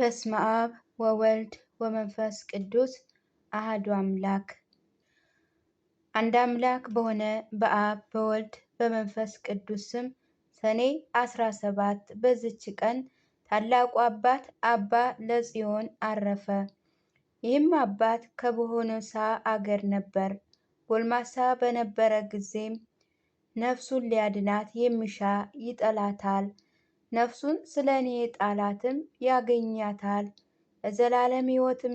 በስመ አብ ወወልድ ወመንፈስ ቅዱስ አህዱ አምላክ አንድ አምላክ በሆነ በአብ በወልድ በመንፈስ ቅዱስ ስም ሰኔ 17 በዝች ቀን ታላቁ አባት አባ ለጽዮን አረፈ። ይህም አባት ከቦሆኖሳ አገር ነበር። ጎልማሳ በነበረ ጊዜም ነፍሱን ሊያድናት የሚሻ ይጠላታል ነፍሱን ስለ እኔ ጣላትም ያገኛታል ለዘላለም ሕይወትም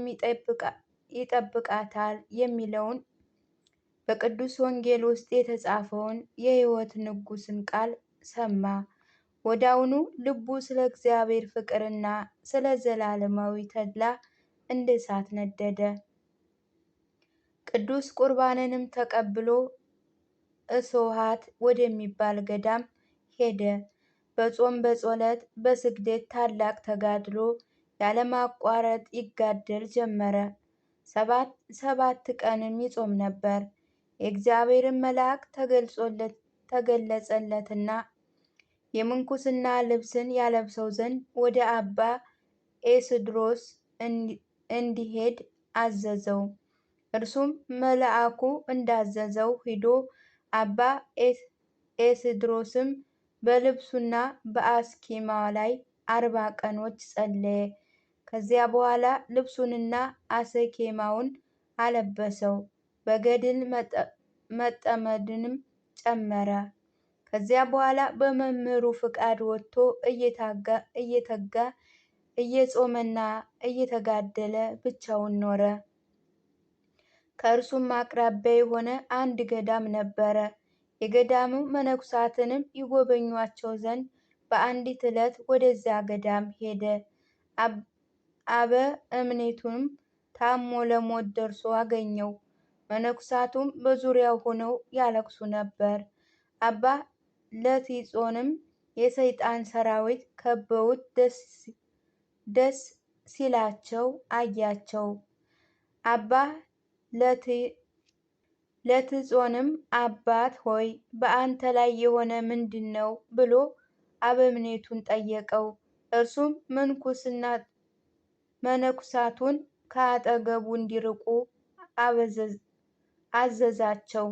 ይጠብቃታል የሚለውን በቅዱስ ወንጌል ውስጥ የተጻፈውን የሕይወት ንጉሥን ቃል ሰማ። ወዳውኑ ልቡ ስለ እግዚአብሔር ፍቅርና ስለ ዘላለማዊ ተድላ እንደ እሳት ነደደ። ቅዱስ ቁርባንንም ተቀብሎ እስውሃት ወደሚባል ገዳም ሄደ። በጾም በጸሎት በስግደት ታላቅ ተጋድሎ ያለማቋረጥ ይጋደል ጀመረ። ሰባት ቀንም ይጾም ነበር። የእግዚአብሔርን መልአክ ተገለጸለትና የምንኩስና ልብስን ያለብሰው ዘንድ ወደ አባ ኤስድሮስ እንዲሄድ አዘዘው። እርሱም መልአኩ እንዳዘዘው ሂዶ አባ ኤስድሮስም በልብሱና በአስኬማ ላይ አርባ ቀኖች ጸለየ። ከዚያ በኋላ ልብሱንና አስኬማውን አለበሰው፣ በገድል መጠመድንም ጨመረ። ከዚያ በኋላ በመምህሩ ፍቃድ ወጥቶ እየተጋ እየጾመና እየተጋደለ ብቻውን ኖረ። ከእርሱም አቅራቢያ የሆነ አንድ ገዳም ነበረ። የገዳሙ መነኩሳትንም ይጎበኟቸው ዘንድ በአንዲት ዕለት ወደዚያ ገዳም ሄደ። አበ እምኔቱም ታሞ ለሞት ደርሶ አገኘው። መነኩሳቱም በዙሪያው ሆነው ያለቅሱ ነበር። አባ ለቲጾንም የሰይጣን ሰራዊት ከበውት ደስ ሲላቸው አያቸው። አባ ለትጾንም አባት ሆይ በአንተ ላይ የሆነ ምንድን ነው ብሎ አበምኔቱን ጠየቀው። እርሱም ምንኩስና መነኩሳቱን ከአጠገቡ እንዲርቁ አዘዛቸው።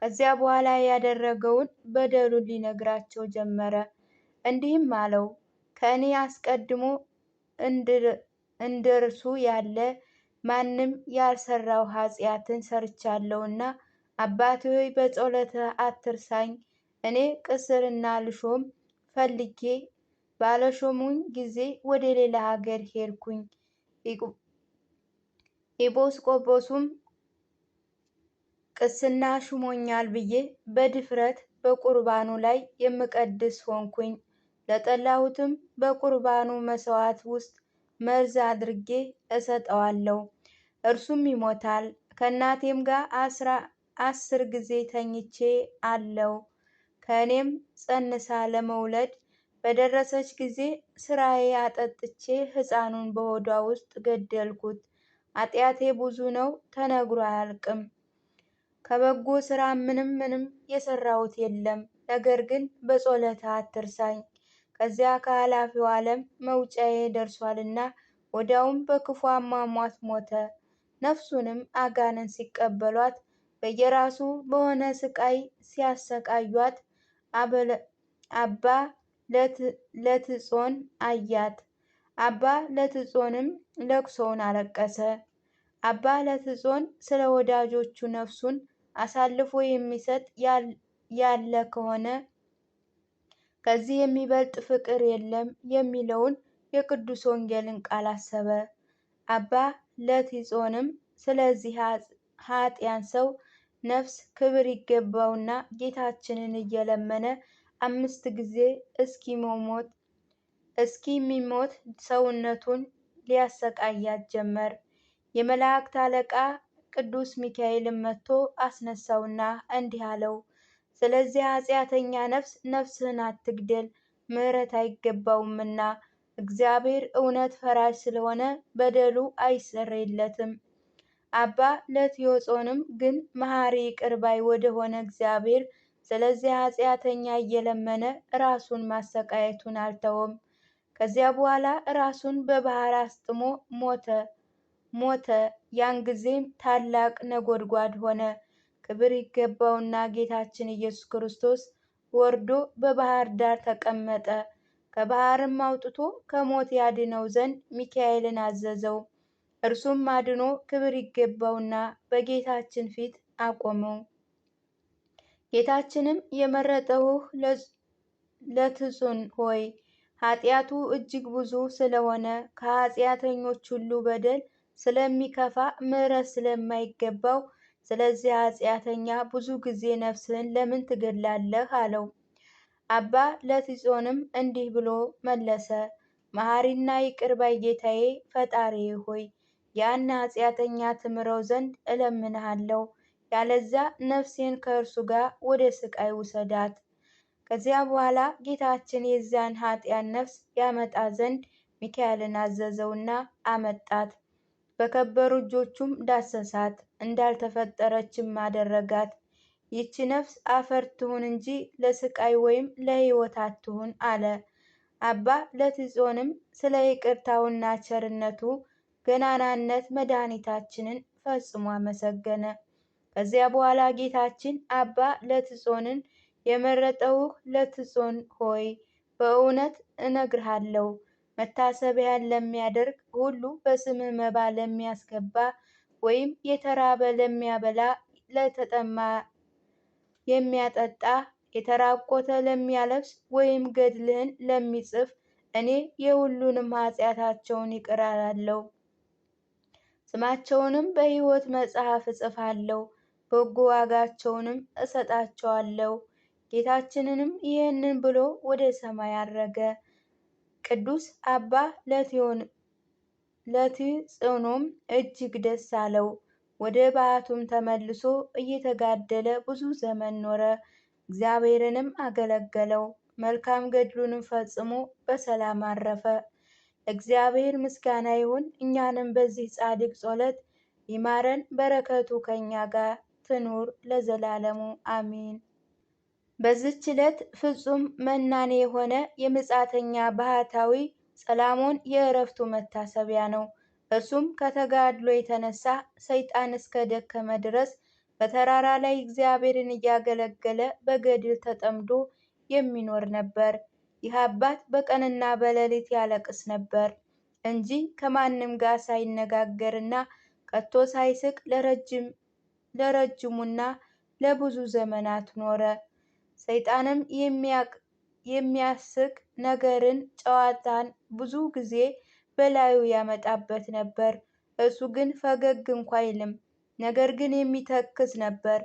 ከዚያ በኋላ ያደረገውን በደሉን ሊነግራቸው ጀመረ። እንዲህም አለው፣ ከእኔ አስቀድሞ እንደርሱ ያለ ማንም ያልሰራው ኃጢአትን ሰርቻለሁና አባቴ ሆይ በጸሎተ አትርሳኝ። እኔ ቅስርና ልሾም ፈልጌ ባለሾሙኝ ጊዜ ወደ ሌላ ሀገር ሄድኩኝ። ኢጶስቆጶሱም ቅስና ሹሞኛል ብዬ በድፍረት በቁርባኑ ላይ የምቀድስ ሆንኩኝ። ለጠላሁትም በቁርባኑ መስዋዕት ውስጥ መርዝ አድርጌ እሰጠዋለሁ፣ እርሱም ይሞታል። ከእናቴም ጋር አስራ አስር ጊዜ ተኝቼ አለው። ከእኔም ጸንሳ ለመውለድ በደረሰች ጊዜ ስራዬ አጠጥቼ ሕፃኑን በሆዷ ውስጥ ገደልኩት። አጢአቴ ብዙ ነው፣ ተነግሮ አያልቅም። ከበጎ ስራ ምንም ምንም የሰራሁት የለም። ነገር ግን በጾለታ አትርሳኝ። ከዚያ ከኃላፊው ዓለም መውጫዬ ደርሷልና ወዲያውም በክፉ አሟሟት ሞተ። ነፍሱንም አጋንን ሲቀበሏት በየራሱ በሆነ ስቃይ ሲያሰቃዩት አባ ለትጾን አያት። አባ ለትጾንም ለቅሶውን አለቀሰ። አባ ለትጾን ስለ ወዳጆቹ ነፍሱን አሳልፎ የሚሰጥ ያለ ከሆነ ከዚህ የሚበልጥ ፍቅር የለም የሚለውን የቅዱስ ወንጌልን ቃል አሰበ። አባ ለቲጾንም ስለዚህ ኃጢያን ሰው ነፍስ ክብር ይገባውና ጌታችንን እየለመነ አምስት ጊዜ እስኪሞት እስኪሚሞት ሰውነቱን ሊያሰቃያት ጀመር። የመላእክት አለቃ ቅዱስ ሚካኤልን መጥቶ አስነሳውና እንዲህ አለው ስለዚህ ኃጢአተኛ ነፍስ ነፍስህን አትግደል፣ ምሕረት አይገባውምና እግዚአብሔር እውነት ፈራጅ ስለሆነ በደሉ አይሰረይለትም። አባ ለትዮጾንም ግን መሐሪ ቅርባይ ወደሆነ እግዚአብሔር ስለዚህ ኃጢአተኛ እየለመነ ራሱን ማሰቃየቱን አልተወም። ከዚያ በኋላ ራሱን በባህር አስጥሞ ሞተ ሞተ። ያን ጊዜም ታላቅ ነጎድጓድ ሆነ። ክብር ይገባውና ጌታችን ኢየሱስ ክርስቶስ ወርዶ በባህር ዳር ተቀመጠ። ከባህርም አውጥቶ ከሞት ያድነው ዘንድ ሚካኤልን አዘዘው። እርሱም አድኖ ክብር ይገባውና በጌታችን ፊት አቆመው። ጌታችንም የመረጠውህ ለትጹን ሆይ ኃጢአቱ እጅግ ብዙ ስለሆነ ከኃጢአተኞች ሁሉ በደል ስለሚከፋ ምሕረት ስለማይገባው ስለዚህ ኃጢአተኛ ብዙ ጊዜ ነፍስህን ለምን ትገድላለህ? አለው። አባ ለቲጾንም እንዲህ ብሎ መለሰ። መሐሪና ይቅር ባይ ጌታዬ ፈጣሪ ሆይ ያን ኃጢአተኛ ትምረው ዘንድ እለምንሃለሁ፣ ያለዛ ነፍሴን ከእርሱ ጋር ወደ ስቃይ ውሰዳት። ከዚያ በኋላ ጌታችን የዚያን ኃጢያን ነፍስ ያመጣ ዘንድ ሚካኤልን አዘዘውና አመጣት። በከበሩ እጆቹም ዳሰሳት፣ እንዳልተፈጠረችም አደረጋት። ይቺ ነፍስ አፈር ትሁን እንጂ ለስቃይ ወይም ለሕይወት አትሁን አለ። አባ ለትጾንም ስለ ይቅርታውና ቸርነቱ ገናናነት መድኃኒታችንን ፈጽሞ አመሰገነ። ከዚያ በኋላ ጌታችን አባ ለትጾንን የመረጠውህ ለትጾን ሆይ በእውነት እነግርሃለሁ መታሰቢያን ለሚያደርግ ሁሉ በስምህ መባ ለሚያስገባ ወይም የተራበ ለሚያበላ፣ ለተጠማ የሚያጠጣ፣ የተራቆተ ለሚያለብስ ወይም ገድልህን ለሚጽፍ እኔ የሁሉንም ኃጢአታቸውን ይቅር ስማቸውንም በሕይወት መጽሐፍ እጽፋለሁ፣ በጎ ዋጋቸውንም እሰጣቸዋለሁ። ጌታችንንም ይህንን ብሎ ወደ ሰማይ አረገ። ቅዱስ አባ ለትጽኖም እጅግ ደስ አለው። ወደ በዓቱም ተመልሶ እየተጋደለ ብዙ ዘመን ኖረ። እግዚአብሔርንም አገለገለው። መልካም ገድሉንም ፈጽሞ በሰላም አረፈ። እግዚአብሔር ምስጋና ይሁን። እኛንም በዚህ ጻድቅ ጸሎት ይማረን። በረከቱ ከእኛ ጋር ትኑር ለዘላለሙ አሚን። በዝች ዕለት ፍጹም መናኔ የሆነ የምጻተኛ ባህታዊ ጸላሞን የእረፍቱ መታሰቢያ ነው። እርሱም ከተጋድሎ የተነሳ ሰይጣን እስከ ደከመ ድረስ በተራራ ላይ እግዚአብሔርን እያገለገለ በገድል ተጠምዶ የሚኖር ነበር። ይህ አባት በቀንና በሌሊት ያለቅስ ነበር እንጂ ከማንም ጋር ሳይነጋገርና ከቶ ሳይስቅ ለረጅሙና ለብዙ ዘመናት ኖረ። ሰይጣንም የሚያስቅ ነገርን ጨዋታን ብዙ ጊዜ በላዩ ያመጣበት ነበር። እሱ ግን ፈገግ እንኳ አይልም፣ ነገር ግን የሚተክዝ ነበር።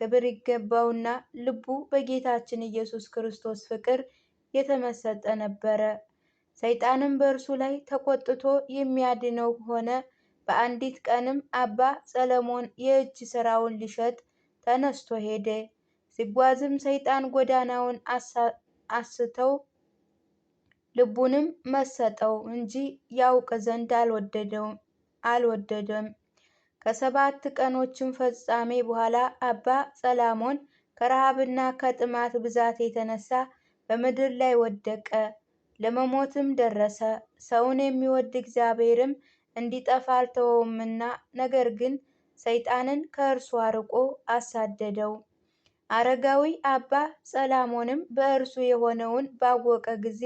ክብር ይገባውና ልቡ በጌታችን ኢየሱስ ክርስቶስ ፍቅር የተመሰጠ ነበረ። ሰይጣንም በእርሱ ላይ ተቆጥቶ የሚያድነው ሆነ። በአንዲት ቀንም አባ ሰሎሞን የእጅ ስራውን ሊሸጥ ተነስቶ ሄደ። ሲጓዝም ሰይጣን ጎዳናውን አስተው ልቡንም መሰጠው እንጂ ያውቅ ዘንድ አልወደደም። ከሰባት ቀኖችም ፍጻሜ በኋላ አባ ጸላሞን ከረሃብና ከጥማት ብዛት የተነሳ በምድር ላይ ወደቀ፣ ለመሞትም ደረሰ። ሰውን የሚወድ እግዚአብሔርም እንዲጠፋ አልተወውምና ነገር ግን ሰይጣንን ከእርሱ አርቆ አሳደደው። አረጋዊ አባ ሰላሞንም በእርሱ የሆነውን ባወቀ ጊዜ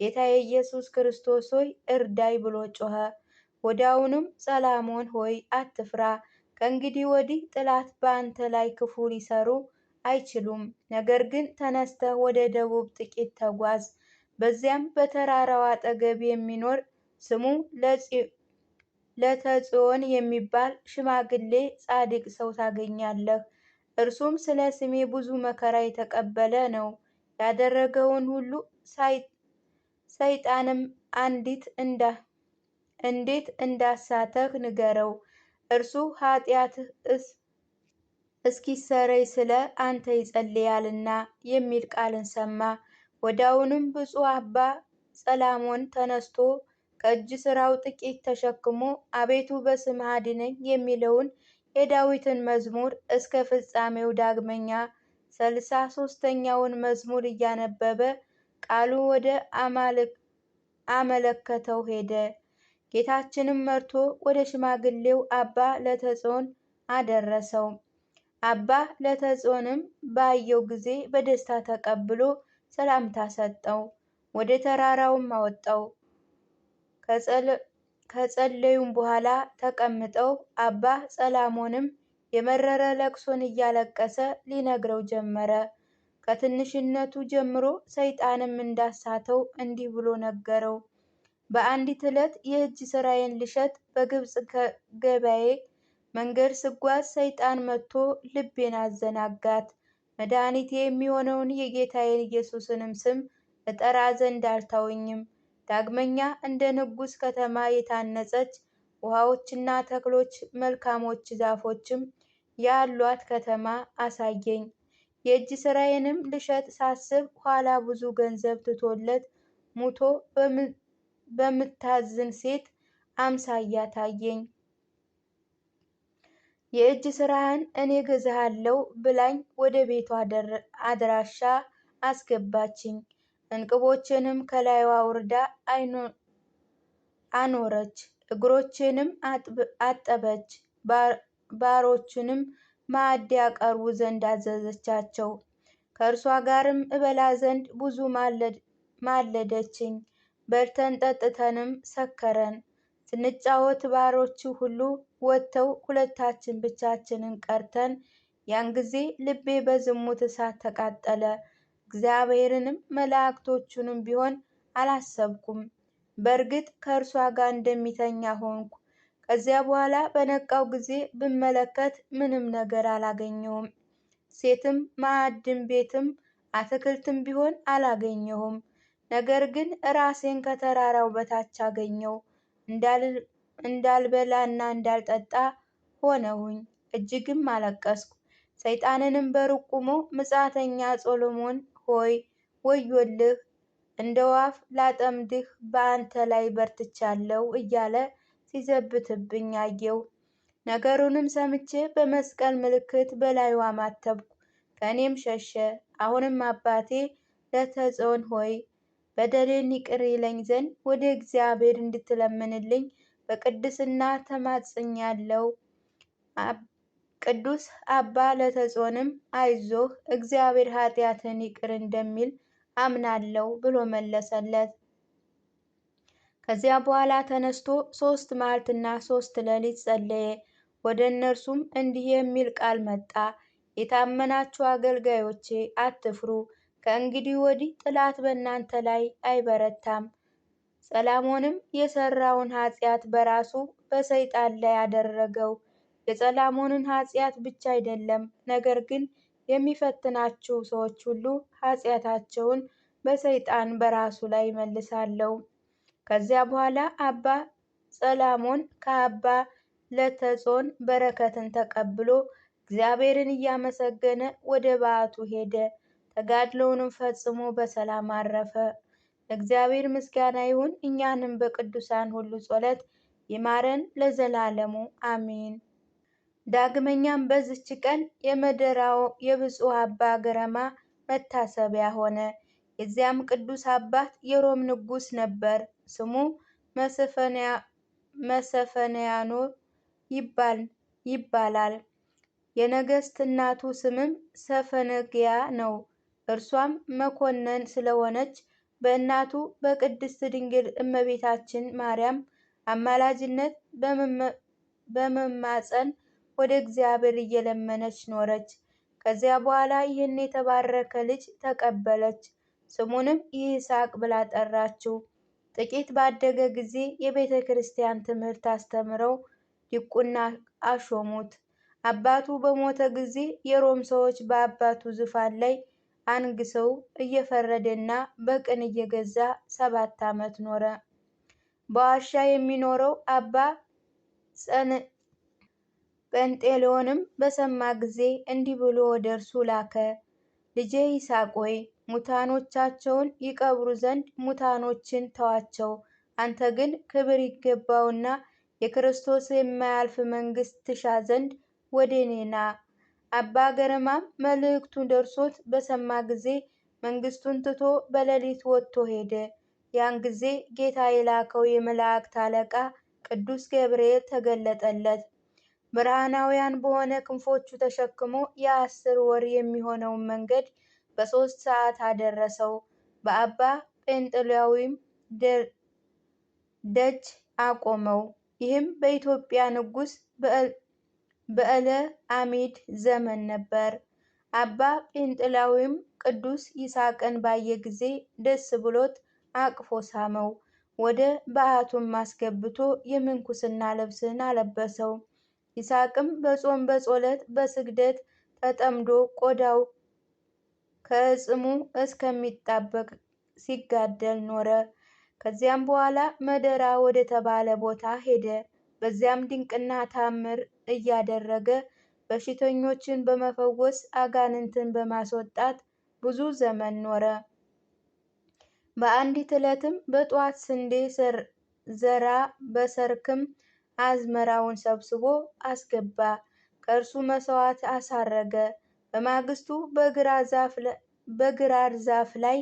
ጌታዬ ኢየሱስ ክርስቶስ ሆይ እርዳይ ብሎ ጮኸ። ወዲያውኑም ሰላሞን ሆይ አትፍራ፣ ከእንግዲህ ወዲህ ጥላት በአንተ ላይ ክፉ ሊሰሩ አይችሉም። ነገር ግን ተነስተህ ወደ ደቡብ ጥቂት ተጓዝ። በዚያም በተራራው አጠገብ የሚኖር ስሙ ለተጽዮን የሚባል ሽማግሌ ጻድቅ ሰው ታገኛለህ። እርሱም ስለ ስሜ ብዙ መከራ የተቀበለ ነው። ያደረገውን ሁሉ ሰይጣንም አንዲት እንዴት እንዳሳተህ ንገረው። እርሱ ኃጢአት እስኪሰረይ ስለ አንተ ይጸልያልና የሚል ቃልን ሰማ። ወዳውንም ብፁዕ አባ ጸላሞን ተነስቶ ከእጅ ስራው ጥቂት ተሸክሞ አቤቱ በስምህ አድነኝ የሚለውን የዳዊትን መዝሙር እስከ ፍጻሜው ዳግመኛ ስልሳ ሶስተኛውን መዝሙር እያነበበ ቃሉ ወደ አመለከተው ሄደ። ጌታችንም መርቶ ወደ ሽማግሌው አባ ለተጾን አደረሰው። አባ ለተጾንም ባየው ጊዜ በደስታ ተቀብሎ ሰላምታ ሰጠው። ወደ ተራራውም አወጣው። ከጸለዩም በኋላ ተቀምጠው አባ ጸላሞንም የመረረ ለቅሶን እያለቀሰ ሊነግረው ጀመረ። ከትንሽነቱ ጀምሮ ሰይጣንም እንዳሳተው እንዲህ ብሎ ነገረው። በአንዲት ዕለት የእጅ ስራዬን ልሸጥ በግብፅ ገበያዬ መንገድ ስጓዝ ሰይጣን መጥቶ ልቤን አዘናጋት። መድኃኒቴ የሚሆነውን የጌታዬን ኢየሱስንም ስም እጠራ ዘንድ አልታወኝም። ዳግመኛ እንደ ንጉሥ ከተማ የታነጸች ውሃዎችና ተክሎች መልካሞች ዛፎችም ያሏት ከተማ አሳየኝ። የእጅ ስራዬንም ልሸጥ ሳስብ ኋላ ብዙ ገንዘብ ትቶለት ሙቶ በምታዝን ሴት አምሳያ ታየኝ። የእጅ ስራህን እኔ ገዛሃለው ብላኝ ወደ ቤቷ አድራሻ አስገባችኝ። እንቅቦችንም ከላይዋ አውርዳ አኖረች፣ እግሮችንም አጠበች። ባሮቹንም ማዕድ ያቀርቡ ዘንድ አዘዘቻቸው። ከእርሷ ጋርም እበላ ዘንድ ብዙ ማለደችኝ። በልተን ጠጥተንም ሰከረን። ስንጫወት ባሮቹ ሁሉ ወጥተው ሁለታችን ብቻችንን ቀርተን፣ ያን ጊዜ ልቤ በዝሙት እሳት ተቃጠለ። እግዚአብሔርንም መላእክቶቹንም ቢሆን አላሰብኩም። በእርግጥ ከእርሷ ጋር እንደሚተኛ ሆንኩ። ከዚያ በኋላ በነቃው ጊዜ ብመለከት ምንም ነገር አላገኘሁም። ሴትም ማዕድም ቤትም አትክልትም ቢሆን አላገኘሁም። ነገር ግን ራሴን ከተራራው በታች አገኘው። እንዳልበላና እንዳልጠጣ ሆነሁኝ። እጅግም አለቀስኩ። ሰይጣንንም በሩቅ ቆሞ ምጻተኛ ጾሎሞን ሆይ ወዮልህ እንደ ዋፍ ላጠምድህ በአንተ ላይ በርትቻለሁ እያለ ሲዘብትብኝ አየው። ነገሩንም ሰምቼ በመስቀል ምልክት በላዩ አማተብኩ፣ ከእኔም ሸሸ። አሁንም አባቴ ለተጾን ሆይ በደሌን ይቅር ይለኝ ዘንድ ወደ እግዚአብሔር እንድትለምንልኝ በቅድስና ተማጽኛለሁ። ቅዱስ አባ ለተጾንም አይዞህ እግዚአብሔር ኃጢአትን ይቅር እንደሚል አምናለው ብሎ መለሰለት። ከዚያ በኋላ ተነስቶ ሶስት መዓልትና ሶስት ሌሊት ጸለየ። ወደ እነርሱም እንዲህ የሚል ቃል መጣ። የታመናችሁ አገልጋዮቼ አትፍሩ፣ ከእንግዲህ ወዲህ ጥላት በእናንተ ላይ አይበረታም። ሰላሞንም የሰራውን ኃጢአት በራሱ በሰይጣን ላይ አደረገው። የጸላሞንን ኃጢአት ብቻ አይደለም፣ ነገር ግን የሚፈትናችሁ ሰዎች ሁሉ ኃጢአታቸውን በሰይጣን በራሱ ላይ ይመልሳለሁ። ከዚያ በኋላ አባ ጸላሞን ከአባ ለተጾን በረከትን ተቀብሎ እግዚአብሔርን እያመሰገነ ወደ በዓቱ ሄደ። ተጋድሎውንም ፈጽሞ በሰላም አረፈ። እግዚአብሔር ምስጋና ይሁን። እኛንም በቅዱሳን ሁሉ ጸሎት ይማረን ለዘላለሙ አሚን። ዳግመኛም በዝች ቀን የመደራው የብፁዕ አባ ገረማ መታሰቢያ ሆነ። የዚያም ቅዱስ አባት የሮም ንጉሥ ነበር። ስሙ መሰፈንያኖ ይባላል። የነገሥት እናቱ ስምም ሰፈነግያ ነው። እርሷም መኮንን ስለሆነች በእናቱ በቅድስት ድንግል እመቤታችን ማርያም አማላጅነት በመማፀን ወደ እግዚአብሔር እየለመነች ኖረች። ከዚያ በኋላ ይህን የተባረከ ልጅ ተቀበለች። ስሙንም ይስሐቅ ብላ ጠራችው። ጥቂት ባደገ ጊዜ የቤተ ክርስቲያን ትምህርት አስተምረው ዲቁና አሾሙት። አባቱ በሞተ ጊዜ የሮም ሰዎች በአባቱ ዙፋን ላይ አንግሰው እየፈረደና በቅን እየገዛ ሰባት ዓመት ኖረ። በዋሻ የሚኖረው አባ ጴንጤሎንም በሰማ ጊዜ እንዲህ ብሎ ወደ እርሱ ላከ፣ ልጄ ይስሐቅ ሆይ ሙታኖቻቸውን ይቀብሩ ዘንድ ሙታኖችን ተዋቸው፣ አንተ ግን ክብር ይገባውና የክርስቶስ የማያልፍ መንግሥት ትሻ ዘንድ ወደ እኔ ና። አባ ገረማም መልእክቱ ደርሶት በሰማ ጊዜ መንግሥቱን ትቶ በሌሊት ወጥቶ ሄደ። ያን ጊዜ ጌታ የላከው የመላእክት አለቃ ቅዱስ ገብርኤል ተገለጠለት። ብርሃናውያን በሆነ ክንፎቹ ተሸክሞ የአስር ወር የሚሆነውን መንገድ በሦስት ሰዓት አደረሰው። በአባ ጴንጥሌዎንም ደጅ አቆመው። ይህም በኢትዮጵያ ንጉሥ በዕለ አሚድ ዘመን ነበር። አባ ጴንጥሌዎንም ቅዱስ ይስሐቅን ባየ ጊዜ ደስ ብሎት አቅፎ ሳመው። ወደ በዓቱም አስገብቶ የምንኩስና ልብስን አለበሰው። ይስሐቅም በጾም በጸሎት በስግደት ተጠምዶ ቆዳው ከእጽሙ እስከሚጣበቅ ሲጋደል ኖረ። ከዚያም በኋላ መደራ ወደ ተባለ ቦታ ሄደ። በዚያም ድንቅና ታምር እያደረገ በሽተኞችን በመፈወስ አጋንንትን በማስወጣት ብዙ ዘመን ኖረ። በአንዲት ዕለትም በጠዋት ስንዴ ዘራ፣ በሰርክም አዝመራውን ሰብስቦ አስገባ፣ ከእርሱ መስዋዕት አሳረገ። በማግስቱ በግራር ዛፍ ላይ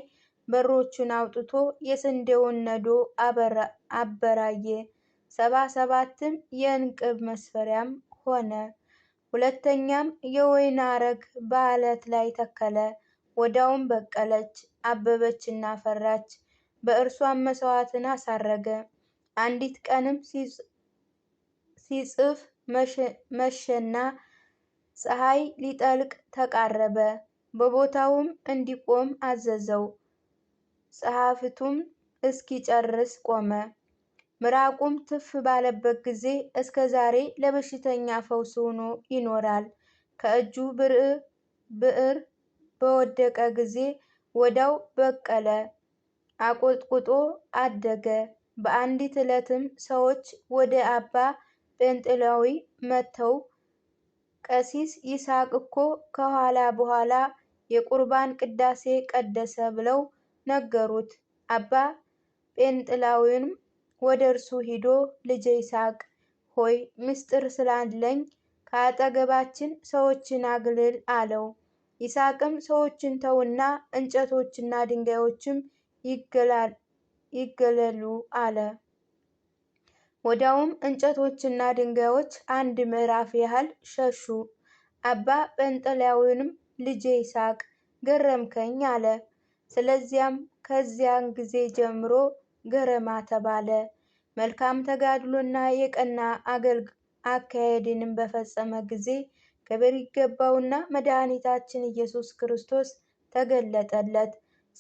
በሮቹን አውጥቶ የስንዴውን ነዶ አበራየ። ሰባ ሰባትም የእንቅብ መስፈሪያም ሆነ። ሁለተኛም የወይን አረግ በአለት ላይ ተከለ። ወዳውም በቀለች፣ አበበችና ፈራች በእርሷም መስዋዕትን አሳረገ። አንዲት ቀንም ሲጽፍ መሸና ፀሐይ ሊጠልቅ ተቃረበ። በቦታውም እንዲቆም አዘዘው። ጸሐፊቱም እስኪጨርስ ቆመ። ምራቁም ትፍ ባለበት ጊዜ እስከ ዛሬ ለበሽተኛ ፈውስ ሆኖ ይኖራል። ከእጁ ብዕር በወደቀ ጊዜ ወዳው በቀለ፣ አቆጥቁጦ አደገ። በአንዲት ዕለትም ሰዎች ወደ አባ ጴንጤላዊ መጥተው ቀሲስ ይስሐቅ እኮ ከኋላ በኋላ የቁርባን ቅዳሴ ቀደሰ ብለው ነገሩት። አባ ጴንጥላዊውን ወደ እርሱ ሂዶ ልጀ ይስሐቅ ሆይ ምስጢር ስላለኝ ከአጠገባችን ሰዎችን አግልል አለው። ይስሐቅም ሰዎችን ተውና እንጨቶችና ድንጋዮችም ይገለሉ አለ። ወዲያውም እንጨቶችና ድንጋዮች አንድ ምዕራፍ ያህል ሸሹ። አባ ጰንጠሌዎንም ልጄ ይስሐቅ ገረምከኝ አለ። ስለዚያም ከዚያን ጊዜ ጀምሮ ገረማ ተባለ። መልካም ተጋድሎና የቀና አገልግ አካሄድንም በፈጸመ ጊዜ ክብር ይገባውና መድኃኒታችን ኢየሱስ ክርስቶስ ተገለጠለት።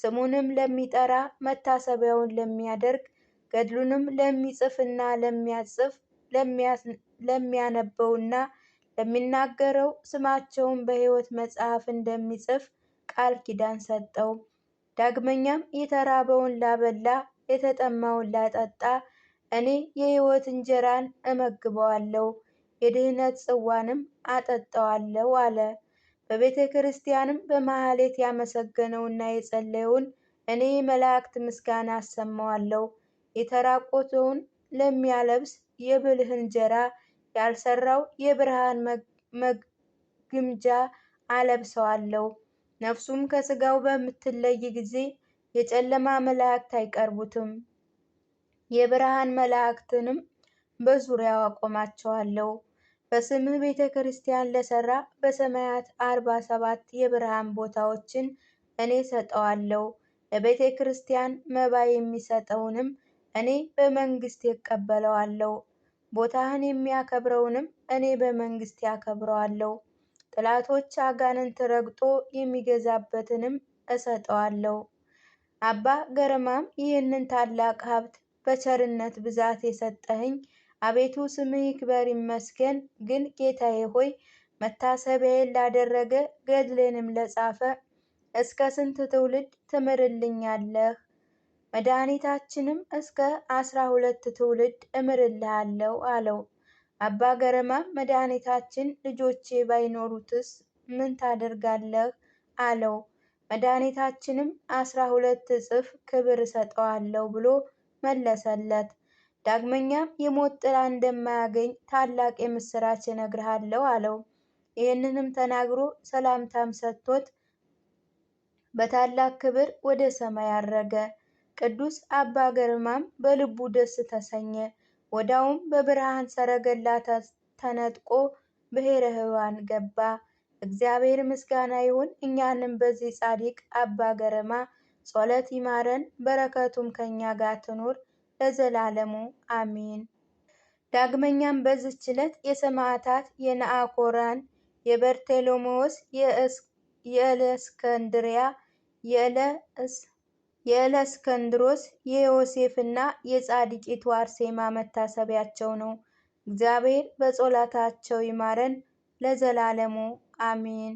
ስሙንም ለሚጠራ መታሰቢያውን ለሚያደርግ ገድሉንም ለሚጽፍና ለሚያጽፍ ለሚያነበውና ለሚናገረው ስማቸውን በሕይወት መጽሐፍ እንደሚጽፍ ቃል ኪዳን ሰጠው። ዳግመኛም የተራበውን ላበላ የተጠማውን ላጠጣ እኔ የሕይወት እንጀራን እመግበዋለሁ የድህነት ጽዋንም አጠጣዋለሁ አለ። በቤተ ክርስቲያንም በማህሌት ያመሰገነውና የጸለየውን እኔ መላእክት ምስጋና አሰማዋለሁ የተራቆተውን ለሚያለብስ የብልህ እንጀራ ያልሰራው የብርሃን መግምጃ አለብሰዋለሁ። ነፍሱም ከስጋው በምትለይ ጊዜ የጨለማ መላእክት አይቀርቡትም። የብርሃን መላእክትንም በዙሪያው አቆማቸዋለሁ። በስምህ ቤተ ክርስቲያን ለሰራ በሰማያት አርባ ሰባት የብርሃን ቦታዎችን እኔ ሰጠዋለሁ። ለቤተ ክርስቲያን መባ የሚሰጠውንም እኔ በመንግስት የቀበለዋለሁ። ቦታህን የሚያከብረውንም እኔ በመንግስት ያከብረዋለሁ። ጥላቶች አጋንንት ረግጦ የሚገዛበትንም እሰጠዋለሁ። አባ ገረማም ይህንን ታላቅ ሀብት በቸርነት ብዛት የሰጠኸኝ አቤቱ ስምህ ይክበር ይመስገን። ግን ጌታዬ ሆይ መታሰቢያዬን ላደረገ ገድሌንም ለጻፈ እስከ ስንት ትውልድ ትምርልኛለህ? መድኃኒታችንም እስከ አስራ ሁለት ትውልድ እምርልሃለሁ አለው። አባ ገረማም መድኃኒታችን ልጆቼ ባይኖሩትስ ምን ታደርጋለህ አለው። መድኃኒታችንም አስራ ሁለት እጽፍ ክብር እሰጠዋለሁ ብሎ መለሰለት። ዳግመኛም የሞት ጥላ እንደማያገኝ ታላቅ የምስራች እነግርሃለሁ አለው። ይህንንም ተናግሮ ሰላምታም ሰጥቶት በታላቅ ክብር ወደ ሰማይ አረገ። ቅዱስ አባ ገርማም በልቡ ደስ ተሰኘ። ወዲያውም በብርሃን ሰረገላ ተነጥቆ ብሔረ ሕያዋን ገባ። እግዚአብሔር ምስጋና ይሁን። እኛንም በዚህ ጻድቅ አባ ገርማ ጸሎት ይማረን፣ በረከቱም ከኛ ጋር ትኑር ለዘላለሙ አሚን። ዳግመኛም በዚች ዕለት የሰማዕታት የነአኮራን፣ የበርቴሎሜዎስ፣ የእስከንድሪያ፣ የእለ የእለእስክንድሮስ የዮሴፍና የጻድቂቱ አርሴማ መታሰቢያቸው ነው። እግዚአብሔር በጸሎታቸው ይማረን ለዘላለሙ አሚን።